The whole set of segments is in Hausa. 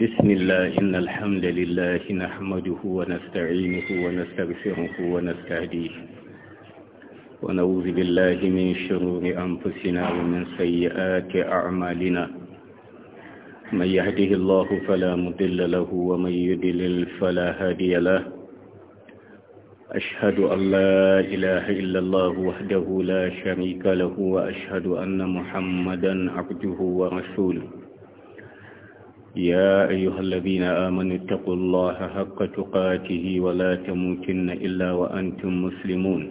بسم الله إن الحمد لله نحمده ونستعينه ونستغفره ونستهديه ونعوذ بالله من شرور أنفسنا ومن سيئات أعمالنا من يهده الله فلا مضل له ومن يضلل فلا هادي له أشهد أن لا إله إلا الله وحده لا شريك له وأشهد أن محمدا عبده ورسوله يا أيها الذين آمنوا اتقوا الله حق تقاته ولا تموتن إلا وأنتم مسلمون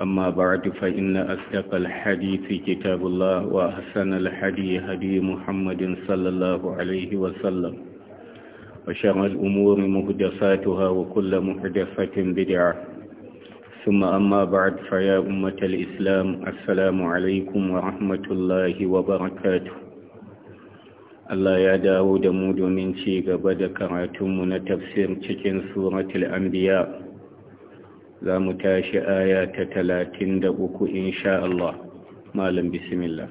أما بعد فإن أصدق الحديث كتاب الله وأحسن الحديث هدي محمد صلى الله عليه وسلم وشر الأمور مهدساتها وكل مهدسة بدعة ثم أما بعد فيا أمة الإسلام السلام عليكم ورحمة الله وبركاته Allah ya dawo da mu domin ci gaba da karatunmu na tafsir cikin suratul anbiya za mu tashi aya ta talatin da uku insha Allah malam bismillah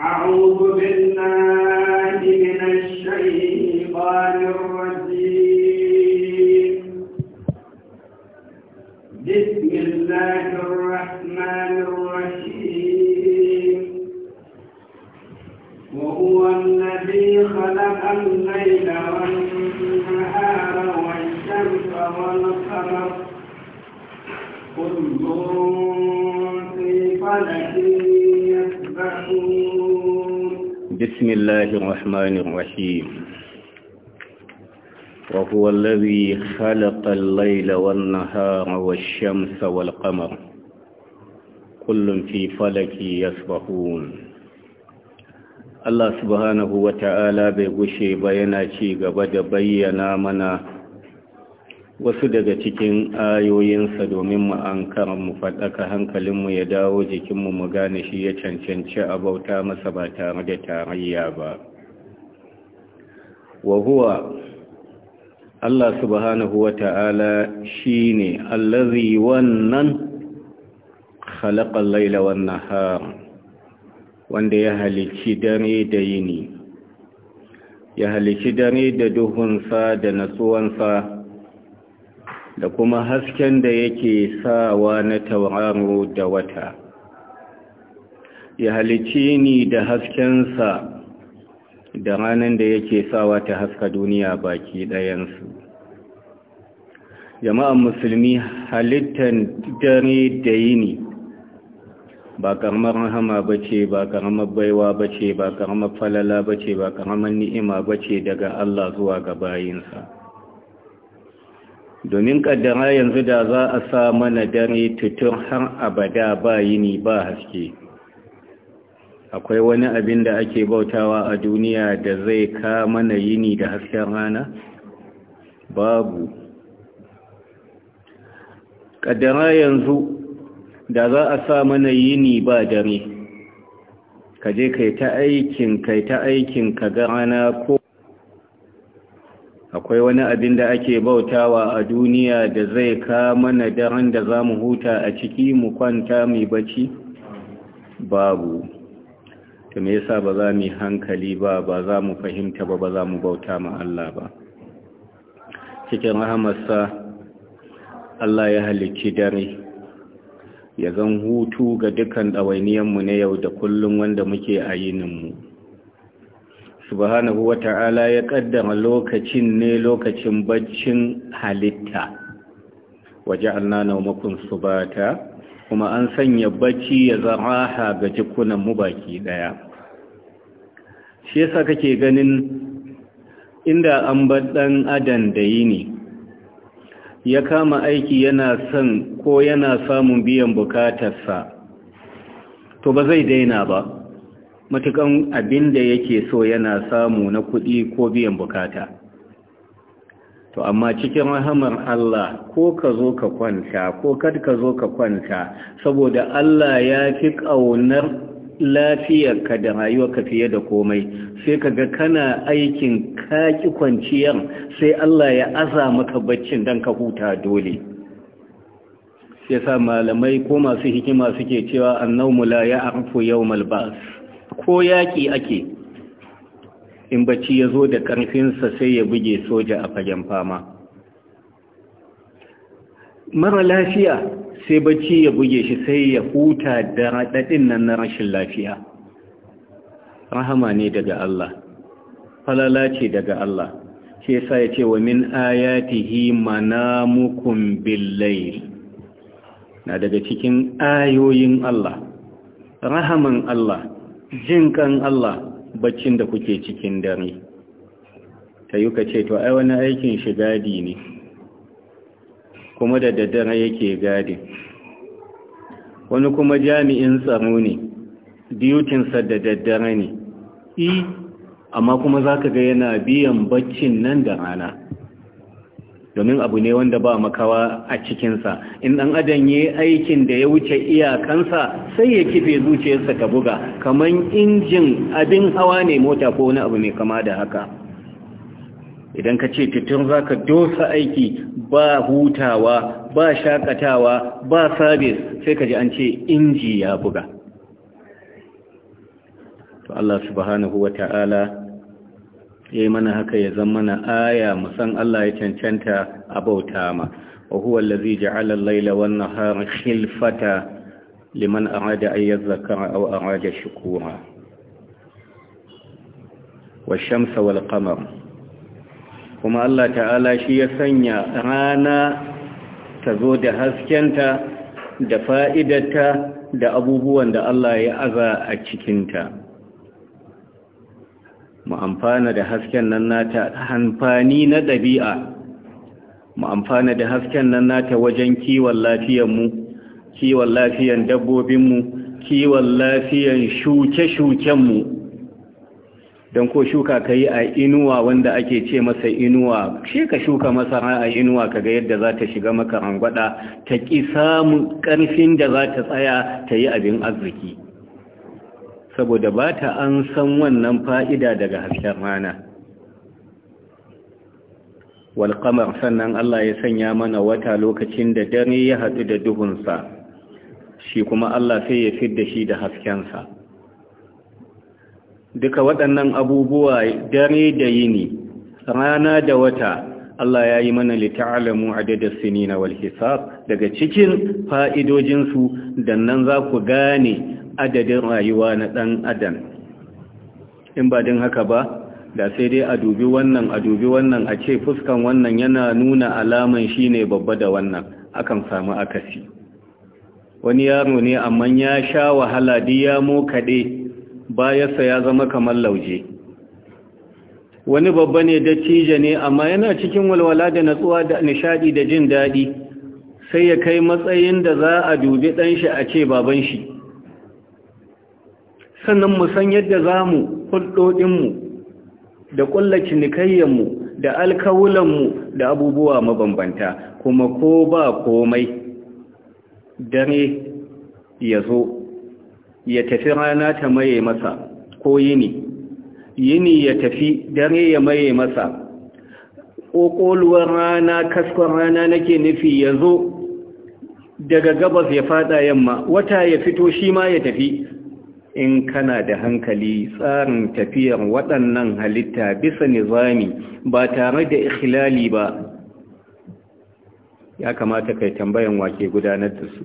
أعوذ بالله من الشيطان الرجيم بسم الله الرحمن الرحيم وهو الذي خلق الليل والنهار والشمس والقمر كل في فلك يسبحون بسم الله الرحمن الرحيم وهو الذي خلق الليل والنهار والشمس والقمر كل في فلك يسبحون Allah subhanahu wa ta'ala bai gushe ba yana ci gaba da bayyana mana wasu daga cikin ayoyinsa domin mu an mu faɗaka hankalinmu ya dawo jikinmu mu gane shi ya cancanci a bauta masa ba tare da tarayya ba. Wahuwa Allah subhanahu wa ta'ala shi ne, yi wannan, khalaƙa'n laila wannan haram. wanda ya halici dare da yini ya halici dare da duhunsa da natsuwansa da kuma hasken da yake sawa na tauraro da wata ya halici ni da haskensa da ranan da yake sawa ta haska duniya baki ɗayansu jama'an musulmi halittar dare da yini ba karamar rahama ba ce ba karamar baiwa ba ce ba karamar falala ba ce ba karamar ni'ima ba ce daga Allah zuwa ga bayinsa domin kaddara yanzu da za a sa mana dare tutur har abada ba yini ba haske akwai wani abin da ake bautawa a duniya da zai ka mana yini da hasken rana babu kaddara yanzu da za a sa mana yini ba dare ka je kai ta aikin kai ta aikin ka ga rana ko akwai wani abin da ake bautawa a duniya da zai ka mana daren da za mu huta a ciki mu kwanta mai bacci babu ta me yasa ba za mu hankali ba ba za mu fahimta ba ba za mu bauta ma Allah ba cikin rahamarsa Allah ya halicci dare ya zan hutu ga dukkan mu na yau da kullum wanda muke a yininmu subhanahu wa ta'ala ya ƙaddama lokacin ne lokacin baccin halitta waje alna naumakun subata kuma an sanya bacci ya zaraha ga mu baki ɗaya shi yasa kake ganin inda an bar ɗan adam da yini ya kama aiki yana son ko yana samun biyan bukatarsa to ba zai daina ba matukan abin da yake so yana samu na kuɗi ko biyan bukata to amma cikin rahamar Allah ko ka zo ka kwanta ko kad ka zo ka kwanta saboda Allah ya fi ƙaunar lafiyarka da ka fiye da komai sai kaga kana aikin kaki kwanciyar sai Allah ya aza maka baccin dan ka huta dole sai sa malamai ko masu hikima suke cewa annawmu la arfu yawmal ba's ko yaki ake in bacci zo da ƙarfinsa sai ya buge soja a fagen fama mara lafiya sai bacci ya buge shi sai ya huta da raɗaɗin nan na rashin lafiya rahama ne daga Allah falala ce daga Allah sai yasa ya ce wa min ayatihi manamukum billayl na daga cikin ayoyin Allah rahaman Allah jinkan Allah baccin da kuke cikin dare ta yi ka ce to ai wani aikin shigadi ne kuma da daddare yake gadi wani kuma jami'in tsaro ne diyutinsa da daddare ne i amma kuma za ka ga yana biyan baccin nan da rana domin abu ne wanda ba makawa a cikinsa in ɗan adam ya aikin da ya wuce iyakansa sai ya kife zuciyarsa ka buga Kaman injin abin hawa ne mota ko wani abu ne, kama da haka idan ka ce titin za ka dosa aiki ba hutawa ba shakatawa ba sabis sai ka ji an ce inji ya buga to Allah subhanahu wa ta'ala ya mana haka ya zama na aya musan Allah ya cancanta a bauta ma wa huwa allazi ja'ala al-laila wan nahara khilfata liman arada an yadhakkara aw arada shukura wash-shamsa wal-qamara kuma Allah ta'ala shi ya sanya rana ta zo da haskenta da fa'idata da abubuwan da Allah ya aza a cikinta mu amfana da hasken nan nata hanfani na ɗabi'a mu amfana da hasken nan nata wajen kiwon lafiyanmu kiwon lafiyan dabbobinmu kiwon lafiyan shuke-shukenmu don ko shuka ka yi a inuwa wanda ake ce masa inuwa shi ka shuka masara a inuwa ka ga yadda za ta shiga maka rangwada ta ƙi samun ƙarfin da za ta tsaya ta yi abin arziki saboda ba ta an san wannan fa'ida daga hasken rana walƙamar sannan Allah ya sanya mana wata lokacin da dare ya haɗu da duhunsa shi kuma Allah sai ya fi da shi da haskensa duka waɗannan abubuwa dare da yini rana da wata Allah ya yi mana lita'alamu adadar sinina wal hisab daga cikin fa'idojinsu da nan za ku gane adadin rayuwa na ɗan adam in ba din haka ba da sai dai a dubi wannan a dubi wannan a ce fuskan wannan yana nuna alaman shine babba da wannan akan samu akasi wani yaro ne amma ya sha wahala diya mo kaɗe bayansa ya zama kamar lauje wani babba ne dattijo ne amma yana cikin walwala da natsuwa da nishadi da jin daɗi sai ya kai matsayin da za a dubi ɗanshi a ce baban shi sannan mu san yadda za mu hulɗoɗinmu da ƙulla mu, da alkawulanmu da abubuwa mabambanta kuma ko ba komai dare ya zo ya tafi rana ta maye masa ko yini yini ya tafi dare ya maye masa ƙoƙoluwar rana kaskon rana nake nufi ya zo daga gabas ya fada yamma wata ya fito shi ma ya tafi in kana da hankali tsarin tafiyar waɗannan halitta bisa nizami ba tare da ikhilali ba ya kamata kai tambayan wake gudanar da su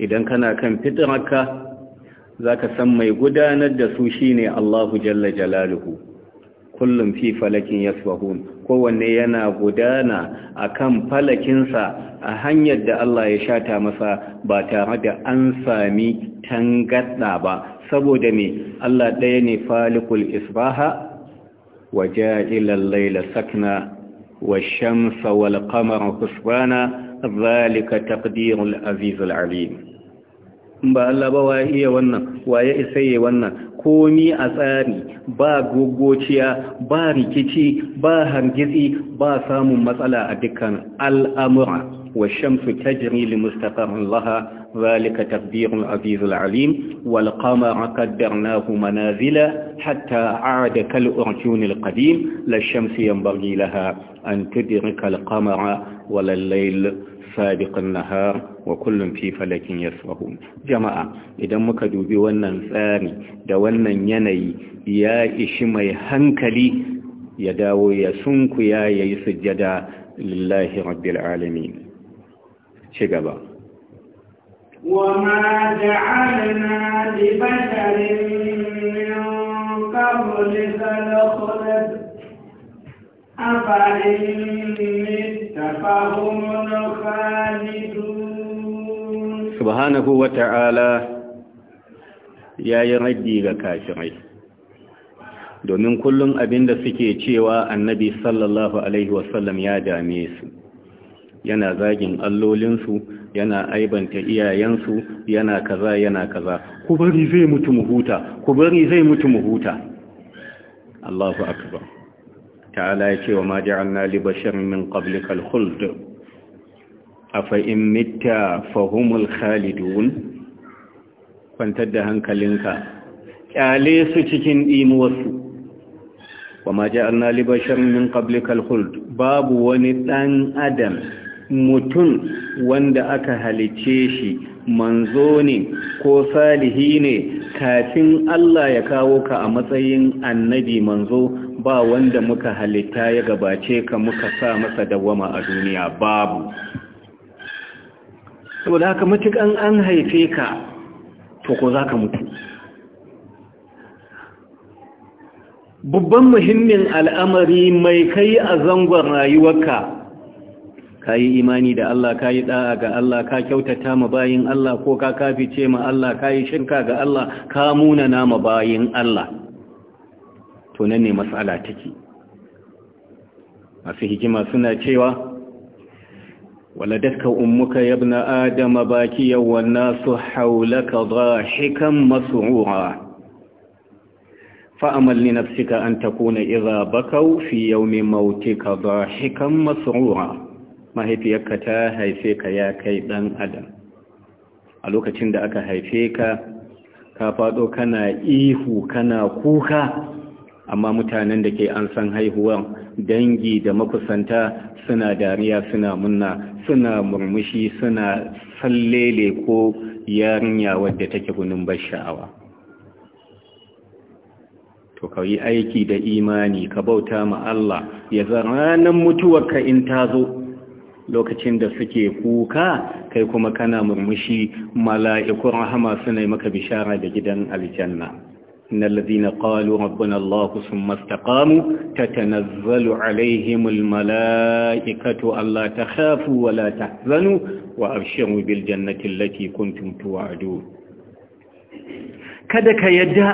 idan kana kan fitrarka za ka san mai gudanar da su shine Allahu jalla jalaluhu kullum fi falakin yasbahun kowanne yana gudana a kan falakinsa a hanyar da Allah ya shata masa ba tare da an sami tangadda ba saboda me Allah ɗaya ne falikul isbaha waje ja'ilallai laila sakna والشمس والقمر حسبانا ذلك تقدير العزيز العليم ba Allah ba waye iya wannan waye isaye wannan komi a tsari ba gogociya ba rikici ba hargitsi ba samun matsala a dukkan al'amura wa shamsu tajri li mustaqarrin laha zalika taqdirul azizul alim wal qamara qaddarnahu manazila hatta aada kal urjunil qadim la shamsu yanbaghi laha an tudrika al qamara wal layl سابق النهار kullum في فلك يسبحون jama'a idan muka dubi wannan tsari da wannan yanayi ya ishi mai hankali ya dawo ya sunkuya yayi sujjada lillahi rabbil alamin ci gaba وما جعلنا لبشر من قبلك الخلد subhanahu wa ta'ala ya yi raddi ga kafirai domin kullum abinda suke cewa annabi sallallahu alaihi wasallam ya dame su yana zagin allolinsu yana aibanta iyayensu yana kaza yana kaza ku bari zai mutu mu huta ku bari zai mutu mu huta Allahu akbar ta'ala ya ce wa ma ja'alna li basharin min qablikal khuld afa in mitta fahumul khalidun kwantar da hankalinka kyale su cikin dimuwarsu wa ma ja'alna li basharin min qablikal khuld babu wani dan adam mutum wanda aka halice shi manzo ne ko salihi ne kafin Allah ya kawo ka a matsayin annabi manzo ba wanda muka halitta ya gabace ka muka sa masa dawama a duniya babu saboda haka matukan an haife ka to ko za ka mutu babban muhimmin al'amari mai kai a zangon rayuwarka ka yi imani da Allah ka yi ɗa'a ga Allah ka kyautata ma bayin Allah ko ka kafice ma Allah ka yi shirka ga Allah ka muna ma bayin Allah to nan ne matsala take masu hikima suna cewa waladatka ummuka yabna adama bakiyan wan nasu haulaka dhahikan mas'ura fa'amal na nafsika an takuna idha bakau fi yawmi mautika dhahikan mas'ura mahaifiyarka ta haife ka ya kai dan adam a lokacin da aka haife ka ka fado kana ihu kana kuka amma mutanen da ke an san haihuwan dangi da makusanta suna dariya suna munna suna murmushi suna sallele ko yarinya wadda take gunin bar sha'awa to ka yi aiki da imani ka bauta ma Allah ya ranar ka in ta zo lokacin da suke kuka kai kuma kana murmushi mala'ikun rahama suna maka bishara da gidan aljanna إن الذين قالوا ربنا الله ثم استقاموا تتنزل عليهم الملائكة ألا تخافوا ولا تحزنوا وأبشروا بالجنة التي كنتم توعدون kada ka yadda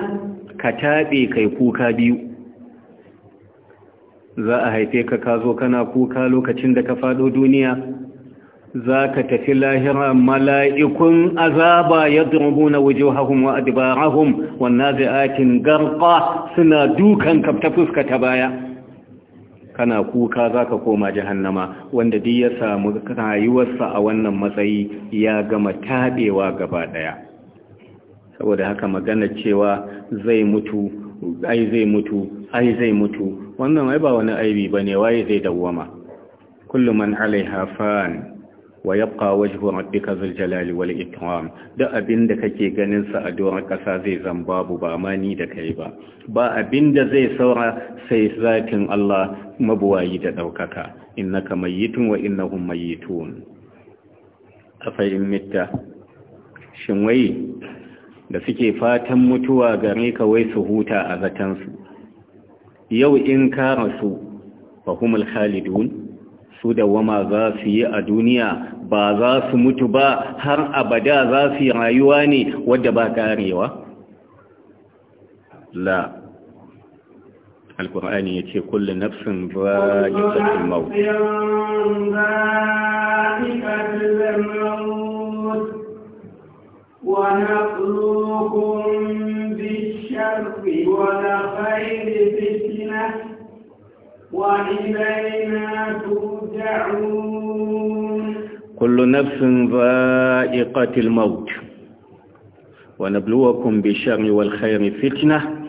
ka taɓe kai kuka biyu za a haife ka ka zo kana kuka lokacin da ka faɗo duniya za ka tafi lahira mala'ikun azaba ya durbu na waje hahun wa adibarahun wannan zai'akin garba suna dukan kafta fuska ta baya kana kuka za ka koma jihannama wanda duk ya samu rayuwarsa a wannan matsayi ya gama taɓewa gaba ɗaya saboda haka magana cewa zai mutu ai zai mutu ai zai mutu wannan ai ba wani aibi ba ne waye zai dawwama kullum man alaiha fan wa yabqa wajhu rabbika zul jalali wal ikram da abinda kake ganin sa a doron kasa zai zan babu ba mani da kai ba ba abinda zai saura sai zatin Allah mabuwayi da daukaka innaka mayyitun wa innahum mayyitun afa in mitta shin wai da suke fatan mutuwa gare ka wai su huta a zatansu yau in ka rasu humul khalidun su dawama za su yi a duniya ba za su mutu ba har abada za su yi rayuwa ne wadda ba karewa la alkur'ani ya ce kullum nafsin ba yi tsakin mau ونخلوكم بالشر والخير فتنه وإلينا ترجعون كل نفس ذائقة الموت ونبلوكم بالشر والخير فتنة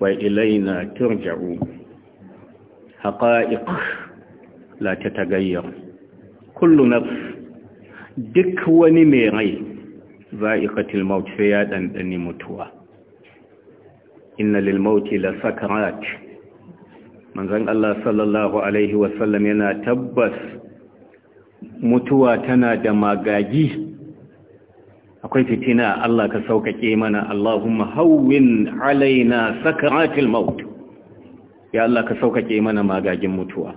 وإلينا ترجعون حقائق لا تتغير كل نفس دك ونميري ذائقة الموت فيادا أني متوى إن للموت لسكرات سكرات manzan Allah sallallahu Alaihi wasallam yana tabbas mutuwa tana da magagi akwai fitina Allah ka sauƙaƙe mana Allahumma hawwin alaina sakaratil maut ya Allah ka sauƙaƙe mana magagin mutuwa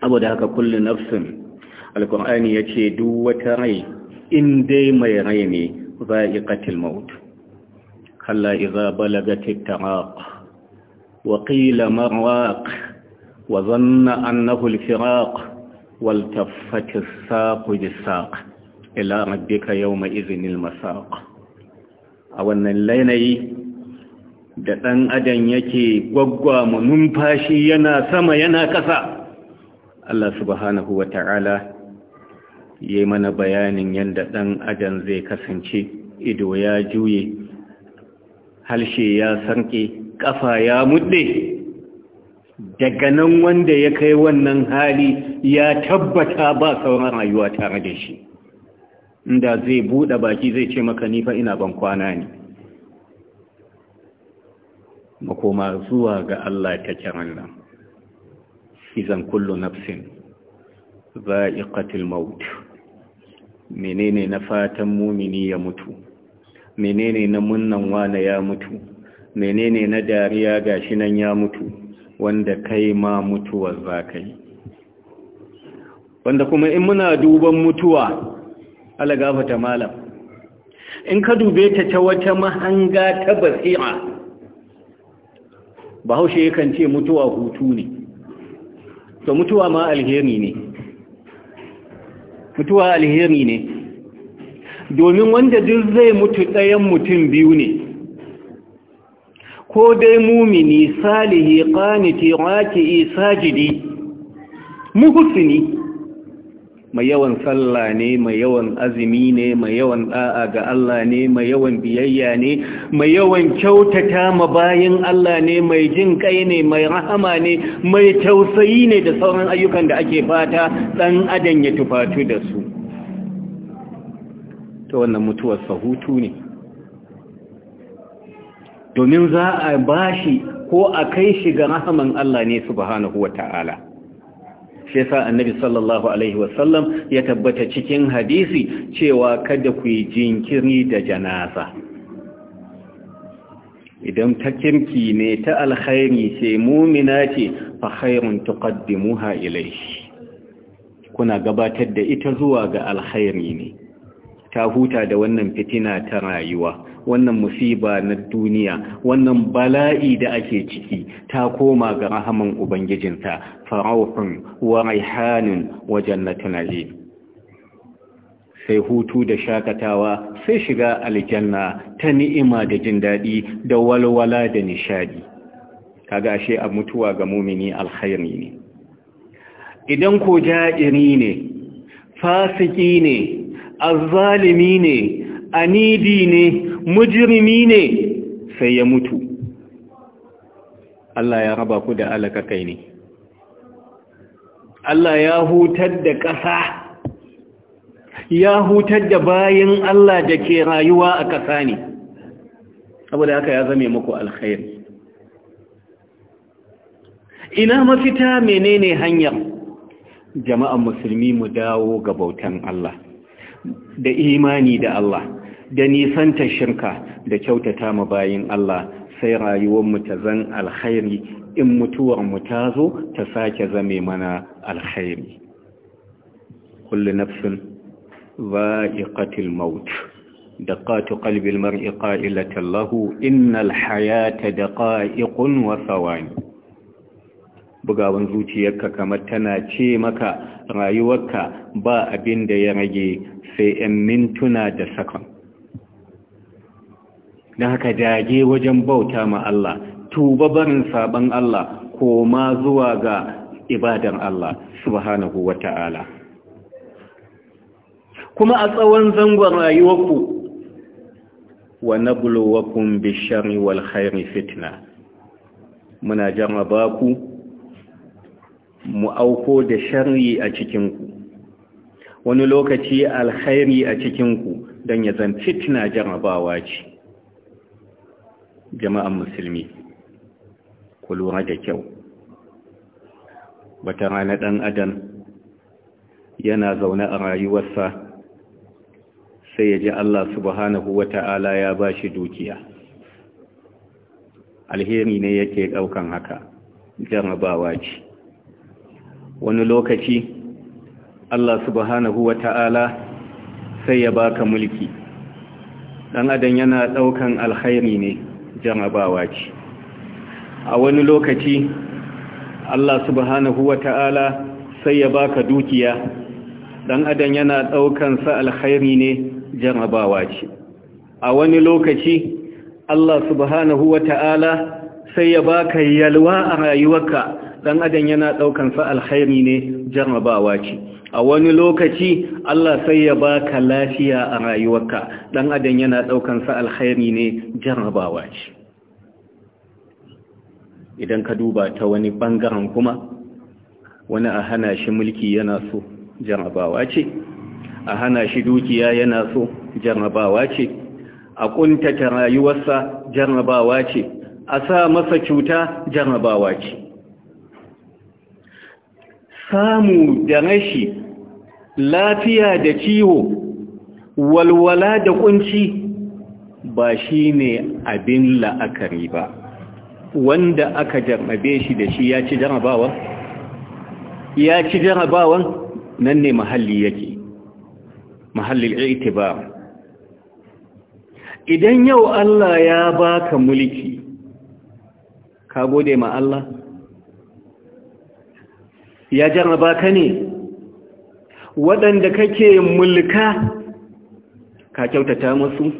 abu da haka kullu nafsin alkur'ani ya ce duk wata rai in dai mai rai ne za'iqatil maut kalla idza balagatit taraq وقيل مرواق وظن أنه الفراق والتفت الساق بالساق إلى ربك يومئذ المساق a wannan lainayi da ɗan adam yake ma numfashi yana sama yana ƙasa Allah subhanahu wa ta'ala ya mana bayanin yadda ɗan adam zai kasance ido ya juye harshe ya sarƙe Ƙafa ya mudde daga nan wanda ya kai wannan hali ya tabbata ba sauran rayuwa tare da shi inda zai buɗe baki zai ce maka nifa ina ban kwana ne makoma zuwa ga Allah ta kiran nan izan kullu nafsin za'iqatul maut menene na fatan mumini ya mutu menene na munnan wane ya mutu menene na dariya ga shi nan ya mutu wanda kai ma mutuwar za ka yi wanda kuma in muna duban mutuwa gafata malam in ka dube ta ta wata mahanga ta basira bahaushe yakan ce mutuwa hutu ne to mutuwa ma alheri ne mutuwa alheri ne domin wanda duk zai mutu ɗayan mutum biyu ne ko dai mumini salihi qaniti raki'i sajidi muhsini mai yawan sallah ne mai yawan azumi ne mai yawan da'a ga Allah ne mai yawan biyayya ne mai yawan kyautata ma bayin Allah ne mai jin kai ne mai rahama ne mai tausayi ne da sauran ayyukan da ake fata dan adam ya tufatu da su to wannan mutuwar sahutu ne domin za a ba shi ko a kai shi ga rahaman Allah ne subhanahu wa ta'ala shi sa annabi sallallahu alaihi wasallam ya tabbata cikin hadisi cewa kada ku yi jinkiri da janaza idan ta kirki ne ta alkhairi ce mumina ce fa khairun tuqaddimuha ilayhi kuna gabatar da ita zuwa ga alkhairi ne ta huta da wannan fitina ta rayuwa wannan musiba na duniya wannan bala'i da ake ciki ta koma ga rahaman ubangijinta farauhun wa raihanin wajen na sai hutu da shakatawa sai shiga aljanna ta ni'ima da jin daɗi da walwala da nishadi kaga ashe a mutuwa ga mumini alkhairi ne idan ko ja'iri ne fasiki ne azzalimi ne anidi ne mujrimi ne sai ya mutu Allah ya raba ku da alaka kai ne Allah ya hutar da ƙasa ya hutar da bayin Allah da ke rayuwa a ƙasa ne saboda haka ya zame muku alkhair. ina mafita menene hanyar jama'an musulmi mu dawo ga bautan Allah da imani da Allah da nisanta shirka da kyautata ma bayin Allah sai rayuwarmu ta zan alkhairi in mutuwarmu ta zo ta sake zame mana alkhairi kullu nafsin za'iqatil maut daqatu qalbi mari qailatan innal hayata daqa'iqun wa thawani bugawan zuciyarka kamar tana ce maka rayuwarka ba abin da ya rage sai 'yan mintuna da sakon Na haka jage wajen bauta ma Allah tuba barin saban Allah koma zuwa ga ibadan Allah subhanahu wa ta'ala kuma a tsawon zangon rayuwarku wa na bulowakun bishari wal hairi fitna muna ba ku mu auko da sharri a cikinku wani lokaci alkhairi a cikinku don ya zan fitna jarabawa ce jama'an musulmi ku lura da kyau wata rana ɗan adam yana zaune a rayuwarsa sai ya ji Allah subhanahu wa ta'ala ya ba shi dukiya alheri ne yake ɗaukan haka jarabawa ce wani lokaci Allah subhanahu wa ta'ala sai ya baka mulki ɗan adam yana ɗaukan alkhairi ne jarabawa ce a wani lokaci Allah subhanahu wa ta'ala sai ya baka dukiya ɗan adam yana ɗaukan sa alkhairi ne jarabawa ce a wani lokaci Allah subhanahu wa ta'ala sai ya baka yalwa a rayuwarka dan adam yana daukan sa alkhairi ne jarrabawa ce a wani lokaci Allah sai ya baka lafiya a rayuwarka dan adam yana daukan sa alkhairi ne jarrabawa ce idan ka duba ta wani bangaren kuma wani a hana shi mulki yana so jarrabawa ce a hana shi dukiya yana so jarrabawa ce a kuntata rayuwarsa jarrabawa ce a sa masa cuta jarrabawa ce samu da rashi lafiya da ciwo walwala da kunci ba shi ne abin la'akari ba wanda aka jarrabe shi da shi ya ci jarrabawan ya ci jarrabawan nan ne mahalli yake mahallin idan yau Allah ya baka mulki ka gode ma Allah ya jaraba ka ne waɗanda kake mulka ka kyautata musu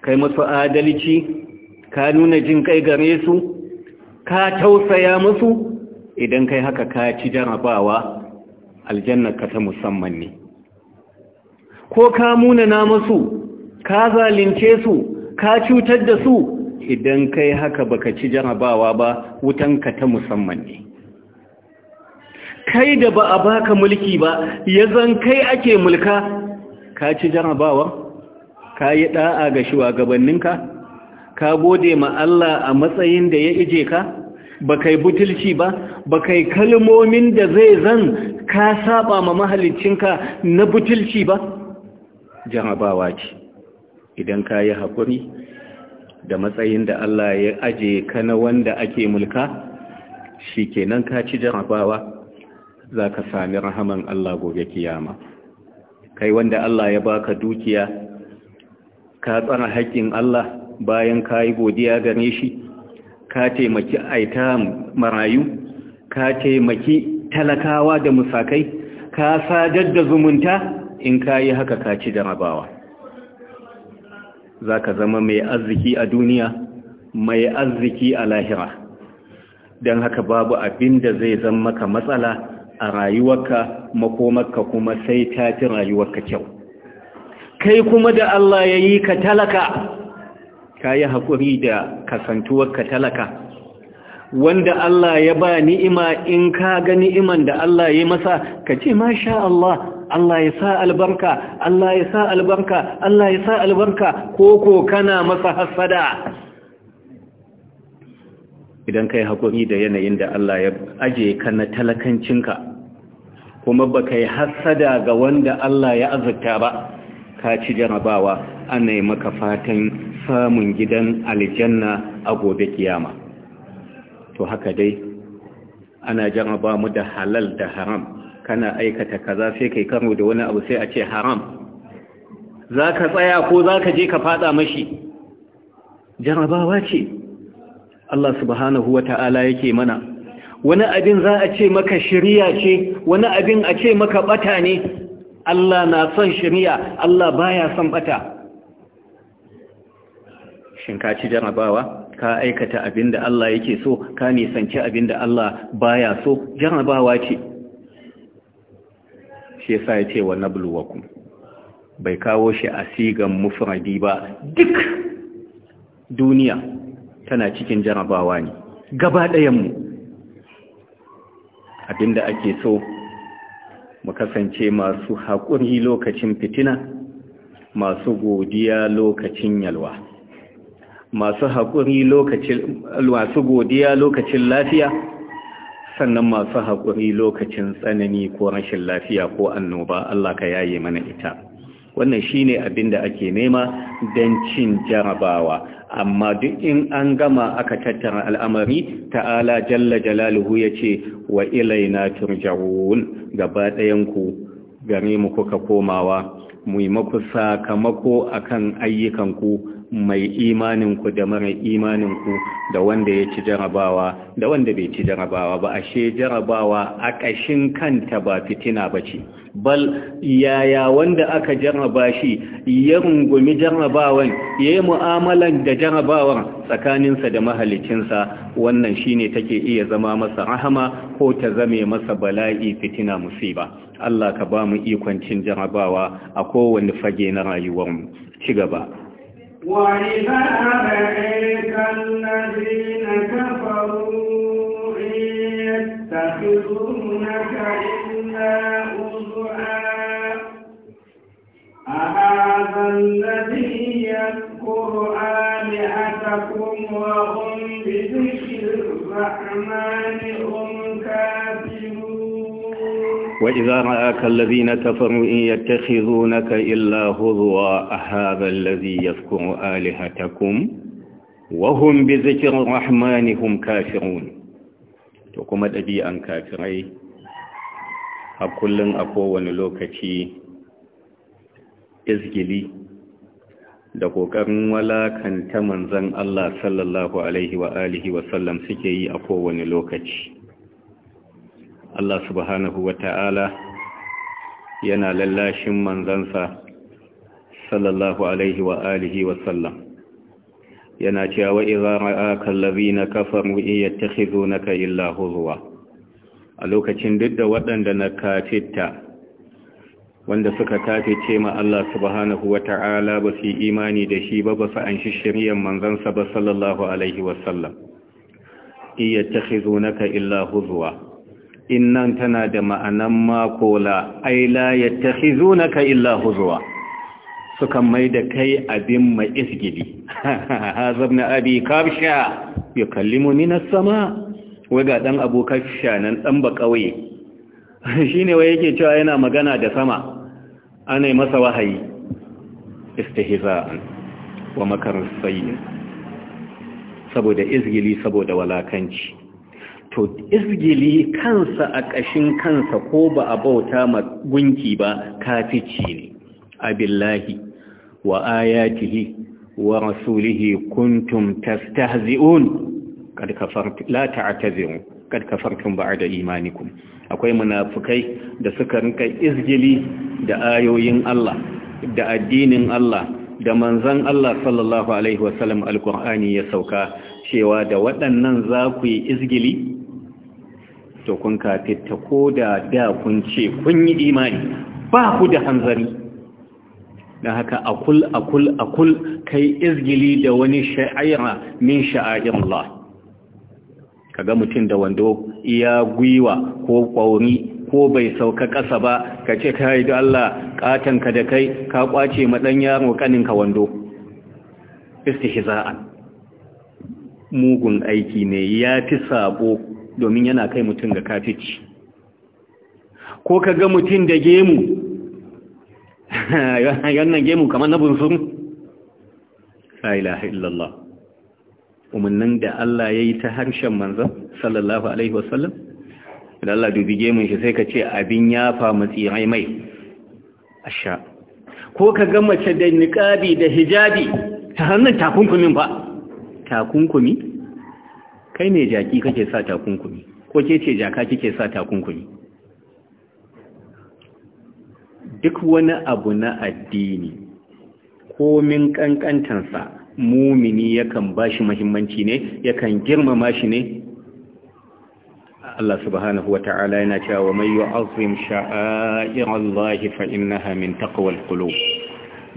kai musu adalci ka nuna jin kai gare su ka tausaya musu idan kai haka ka ci jarrabawa aljannar ka ta musamman ne ko ka munana musu ka zalince su ka cutar da su idan kai haka baka ci jarabawa ba wutan ka ta musamman ne kai da ba a baka mulki ba ya zan kai ake mulka ka ci jarabawa ka yi ɗa'a ga shugabanninka ka gode ma Allah a matsayin da ya ije ka ba kai butulci ba ba kai kalmomin da zai zan ka saba ma mahalicinka na butulci ba jarabawa ce idan ka yi haƙuri da matsayin da Allah ya aje ka na wanda ake mulka shi kenan ka ci jarabawa za ka sami rahaman Allah gobe kiyama kai wanda Allah ya baka dukiya ka tsara haƙƙin Allah bayan ka yi godiya gare shi ka taimaki aita marayu ka taimaki talakawa da musakai ka sadar da zumunta in ka yi haka ka ci jarabawa za ka zama mai arziki a duniya mai arziki a lahira don haka babu abin da zai zama maka matsala a rayuwarka makomarka kuma sai ta ci rayuwarka kyau kai kuma da Allah ya yi ka talaka ka yi haƙuri da ka talaka wanda Allah ya ba ni'ima in ka ga ni'iman da Allah ya masa ka ce masha Allah Allah ya sa albarka Allah ya sa albarka Allah ya sa albarka koko kana masa hasada idan kai hakuri da yanayin da Allah ya aje ka na talakancinka kuma ba yi hasada ga wanda Allah ya azurta ba ka ci jarabawa ana yi maka fatan samun gidan aljanna a gobe kiyama to haka dai ana jaraba mu da halal da haram kana aikata kaza sai kai karo da wani abu sai a ce haram za ka tsaya ko za ka je ka fada mashi jarabawa ce Allah subhanahu wa ta'ala yake mana wani abin za a ce maka shirya ce wani abin a ce maka bata ne Allah na son shirya Allah baya son bata shin jarabawa ka aikata abin da Allah yake so ka nisanci abin da Allah baya so jarabawa ce shi sa ya ce wa bulwaku bai kawo shi a sigan mufradi ba duk duniya tana cikin jarabawa ne gaba ɗayanmu abinda ake so mu kasance masu haƙuri lokacin fitina masu godiya lokacin yalwa masu haƙuri lokacin masu godiya lokacin lafiya sannan masu haƙuri lokacin tsanani ko rashin lafiya ko annoba Allah ka yaye mana ita wannan shine abin da ake nema don cin jarabawa amma duk in an gama aka tattara al'amari ta'ala jalla jalaluhu ya ce, wa ilaina turja'un gaba ɗayan gare mu kuka komawa mu yi maku sakamako akan ayyukanku mai imaninku da mara imaninku da wanda ya ci jarabawa da wanda bai ci jarabawa ba ashe jarabawa a ƙashin kanta ba fitina ba ce bal yaya wanda aka jaraba shi ya rungumi jarabawan, ya yi mu'amalan da jarabawar tsakaninsa da mahalicinsa wannan shine take iya zama masa rahama ko ta zame masa bala'i fitina musiba Allah ka ba mu ikon cin jarabawa a kowane fage na rayuwarmu ci gaba وإذا الذين كفروا إن يتخذونك أهذا الذي آلهتكم وهم بذكر الرحمن هم كافرون وإذا رآك الذين كفروا إن يتخذونك إلا هضوا أهذا الذي يذكر آلهتكم وهم بذكر الرحمن هم كافرون تقوم أن كافري أقول أقوى نلوكتي izgili da ƙoƙarin walakanta manzan Allah sallallahu Alaihi wa alihi suke yi a kowane lokaci. Allah subhanahu wa ta'ala yana lallashin manzansa sallallahu alaihi wa alihi wa sallam yana cewa wa idza ra'aka allazina kafaru yattakhizunaka illa huzwa a lokacin duk da waɗanda na kafitta wanda suka kafice ma Allah subhanahu wa ta'ala ba su imani da shi ba ba su anshi shari'ar manzansa ba sallallahu alaihi wa sallam. Iya wasallam yattakhizunaka illa huzwa innan tana da ma'anan makola ai la yattakhizunaka illa huzwa sukan mai da kai abin mai hazab na abi kabsha ni na sama wai ga dan abokan nan dan ba Shi shine wai yake cewa yana magana da sama ana yi masa wahayi istihza'an wa makar saboda izgili saboda walakanci to izgili kansa a ƙashin kansa ko ba a bauta ma gunki ba kafici ne abillahi wa ayatihi wa rasulihi kuntum tastahzi'un kad kafartum la ta'tazimu kad kafartum ba'da imanikum akwai munafikai da suka rinka izgili da ayoyin Allah da addinin Allah da manzon Allah sallallahu alaihi wasallam alqur'ani ya sauka cewa da waɗannan za ku yi izgili to kun kafitta ko da da kun ce kun yi imani ba ku da hanzari da haka akul akul akul kai izgili da wani sha'ira min sha'a'ir Allah kaga mutum da wando iya gwiwa ko kwauri ko bai sauka ƙasa ba ka ce ka yi da Allah ƙatanka da kai ka ƙwace maɗan yaro ƙaninka wando istihza'an mugun aiki ne ya fi sabo domin yana kai mutum ga kafici ko ka ga mutum da gemu yannan gemu kamar na bunsun la ilaha illallah umarnin da Allah ya yi ta harshen manzan sallallahu alaihi wasallam da Allah dubi gemun shi sai ka ce abin ya famu tsirai mai asha ko ka ga mace da niƙabi da hijabi ta hannun takunkumin ba takunkumi kai ne jaki kake sa takunkumi ko ke ce jaka kike sa takunkumi duk wani abu na addini komin kankantansa mumini yakan bashi muhimmanci ne yakan girmama shi ne Allah subhanahu wata'ala yana cewa wa may yu'azzim sha'a'ir Allah fa innaha min taqwal qulub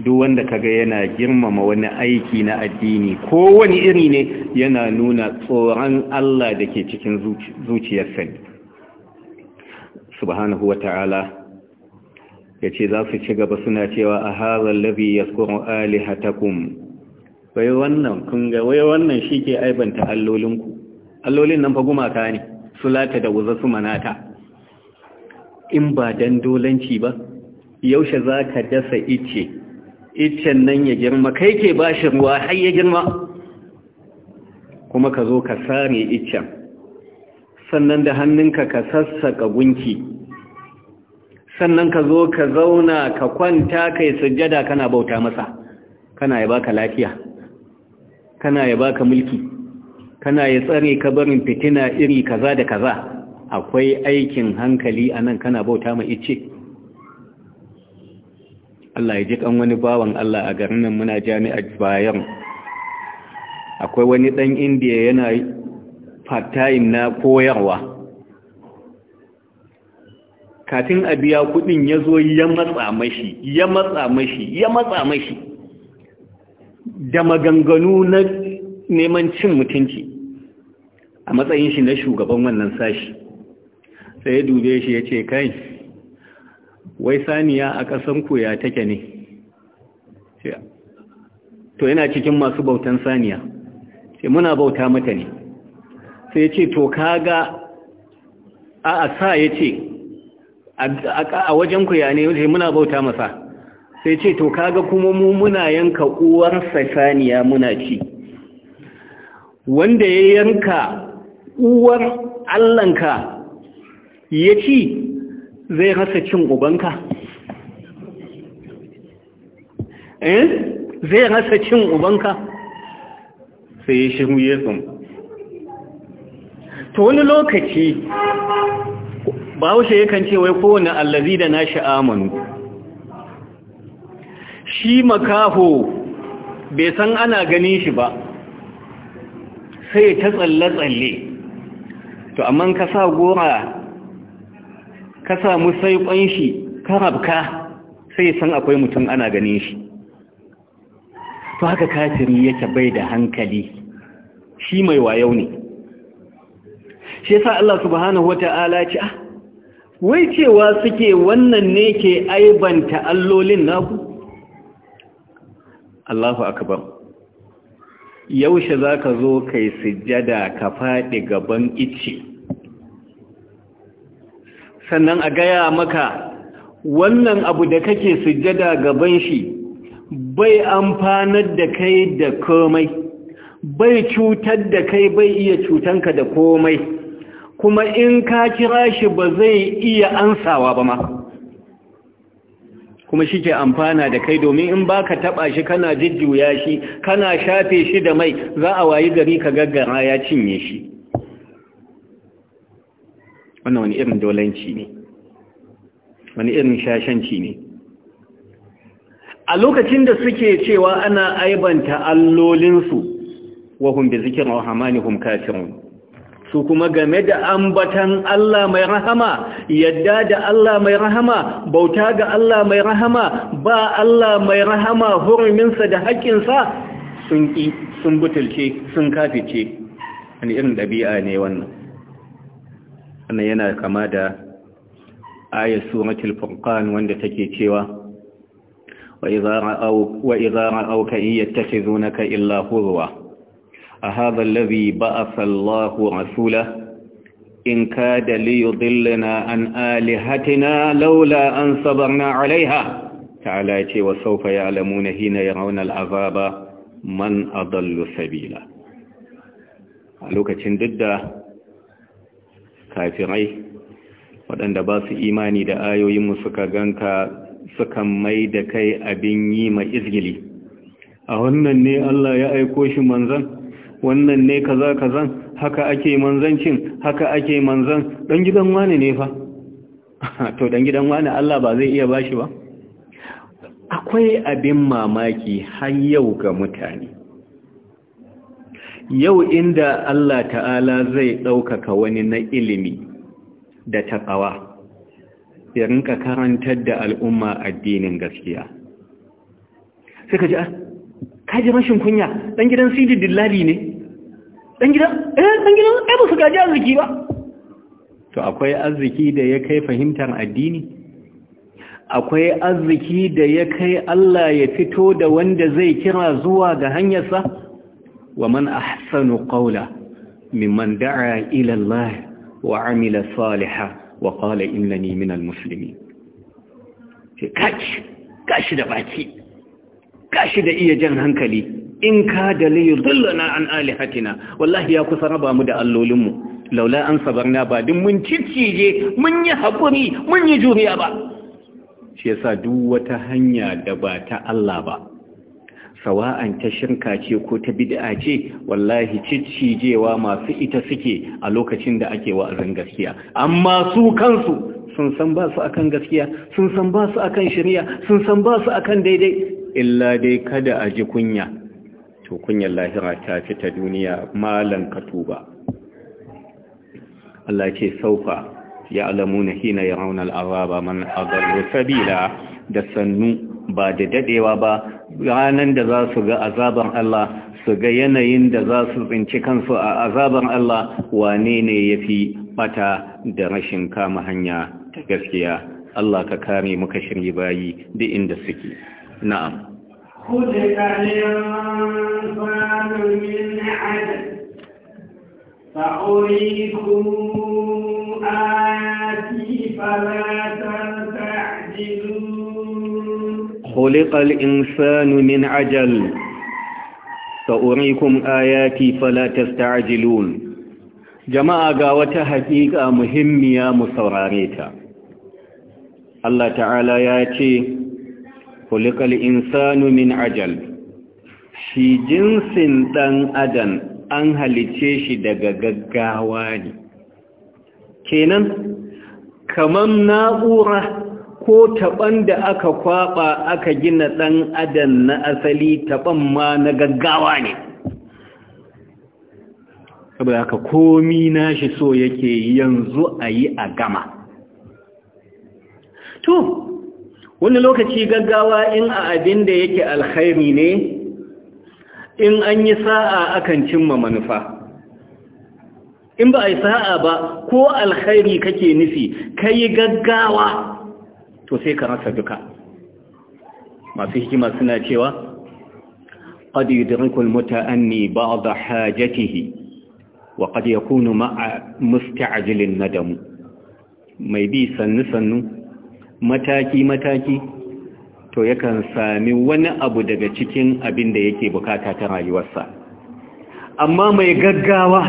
duk wanda kaga yana girmama wani aiki na addini ko wani iri ne yana nuna tsoron Allah da ke cikin zuciyarsa subhanahu wa ta'ala ya ce za su ci gaba suna cewa a harar labi ya tsoron alihatakum bai wannan kunga wai wannan shi ke aibanta allolinku allolin nan fa gumaka ne sulata da wuza su manata in ba dan dolanci ba yaushe za ka dasa ice iccen nan ya girma kai ke ba shi ruwa har ya girma kuma ka zo ka sare iccen sannan da hannunka ka sassaka gunki sannan ka zo ka zauna ka kwanta kai sujjada kana bauta masa kana ya baka lafiya kana ya baka mulki kana ya tsare ka barin fitina iri kaza da kaza akwai aikin hankali anan kana bauta ma icce Allah ya ji kan wani bawan Allah a garin nan muna jami'ar bayan akwai wani ɗan indiya yana part-time na koyarwa kafin a biya kuɗin ya zo ya matsa mashi ya matsa mashi ya matsa mashi da maganganu na neman cin mutunci a matsayin shi na shugaban wannan sashi sai ya dube shi ya ce kai wai saniya a ƙasan koya take ne to yana cikin masu bautan saniya sai muna bauta mata ne sai ya ce to kaga a a sa ya ce a wajen koya ne sai muna bauta masa sai ce to kaga kuma mu muna yanka uwar saniya muna ci wanda ya yanka uwar allanka ya ci zai rasa cin ubanka eh zai rasa cin ubanka sai ya shiru ya tsum to wani lokaci bahaushe yakan ce wai kowane allazi da nashi amanu shi makaho bai san ana ganin shi ba sai ta tsalle-tsalle to amma ka sa gora ka samu saiƙon shi karabka sai san akwai mutum ana ganin shi to haka kafiri yake bai da hankali shi mai wayau ne shi yasa Allah subhanahu wata'ala ce ah wai cewa suke wannan ne ke aibanta allolin naku Allahu akbar yaushe zaka zo kai sujjada ka faɗi gaban icce sannan a gaya maka wannan abu da kake sujjada gaban shi bai amfanar da kai da komai bai cutar da kai bai iya cutanka da komai kuma in ka kira shi ba zai iya ansawa ba ma kuma shi ke amfana da kai domin in ba ka taɓa shi kana jujjuya shi kana shafe shi da mai za a wayi gari ka gaggara ya cinye shi wannan wani irin dolanci ne wani irin shashanci ne a lokacin da suke cewa ana aibanta allolinsu wahun bi zikin rahamanihum kafirun su kuma game da ambatan Allah mai rahama yadda da Allah mai rahama bauta ga Allah mai rahama ba Allah mai rahama huruminsa da haƙƙinsa sun ƙi sun butulce sun kafice wani irin ɗabi'a ne wannan wannan yana kama da ayat suratul furqan wanda take cewa wa idza ra'aw wa idza ra'awka yattakhizunaka illa huzwa ahadha alladhi ba'atha Allahu rasula in kada liyudillana an alihatina laula an sabarna 'alayha ta'ala ce wa saufa ya'lamuna hina yarawna al'azaba man adallu sabila a lokacin duk da kafirai waɗanda ba su imani da ayoyinmu suka ganka sukan mai da kai abin yi mai izgili a wannan ne Allah ya aiko shi manzan wannan ne kaza kazan haka ake manzancin haka ake manzan dan gidan wani ne fa to dan gidan wani Allah ba zai iya ba shi ba akwai abin mamaki har yau ga mutane yau inda Allah ta'ala zai ɗaukaka wani na ilimi da taƙawa ya rinka karantar da al'umma addinin gaskiya ka ji ah, ji rashin kunya ɗan gidan sidi dillali ne ɗan gidan eh, ɗan gidan eh, ba su gaji arziki ba to akwai arziki da ya kai fahimtar addini akwai arziki da ya kai Allah ya fito da wanda zai kira zuwa ga hanyarsa wa man ahsanu qawla mimman da'a ila Allah wa amila salihan wa qala innani minal muslimin ce kaci kashi da baki kashi da iya jan hankali in ka da liyudillana an alihatina wallahi ya kusa rabamu mu da allolinmu laula an sabarna ba duk mun ciccije mun yi haƙuri mun yi juriya ba shi yasa duk wata hanya da ba ta Allah ba sawa'an ta shirka ce ko ta bid'a ce wallahi ciccijewa masu ita suke a lokacin da ake wa'azin gaskiya amma su kansu sun san ba su akan gaskiya sun san ba su akan shari'a sun san ba su akan daidai illa dai kada a ji kunya to kunyar lahira ta fi ta duniya malan katuba Allah ce saufa ya alamuna hina ya raunar azaba man azabu sabila da sannu ba da dadewa ba ranan da za su ga azaban Allah su ga yanayin da za su tsinci kansu a azaban Allah wane ne ya fi bata da rashin kama hanya ta gaskiya Allah ka kare muka shirye bayi da inda suke na'am خلق فأريكم فلا khuliqal insanu min ajal fa uriikum ayati fala jama'a ga wata haqiqa muhimmiya mu saurare ta Allah ta'ala ya ce khuliqal insanu min ajal shi jinsin dan adam an halice shi daga gaggawa ne kenan kaman na'ura ko taban da aka kwaba aka gina ɗan adam na asali taban ma na gaggawa ne saboda aka komi nashi so yake yanzu a yi a gama to wani lokaci gaggawa in a abin da yake alkhairi ne in an yi sa'a akan cimma manufa in ba a yi sa'a ba ko alkhairi kake nufi ka yi gaggawa to sai ka rasa duka masu hikima suna cewa قد يدرك المتأني بعض حاجته وقد يكون مع مستعجل الندم mai bi sannu-sannu mataki-mataki to yakan sami wani abu daga cikin abinda yake bukata ta rayuwarsa amma mai gaggawa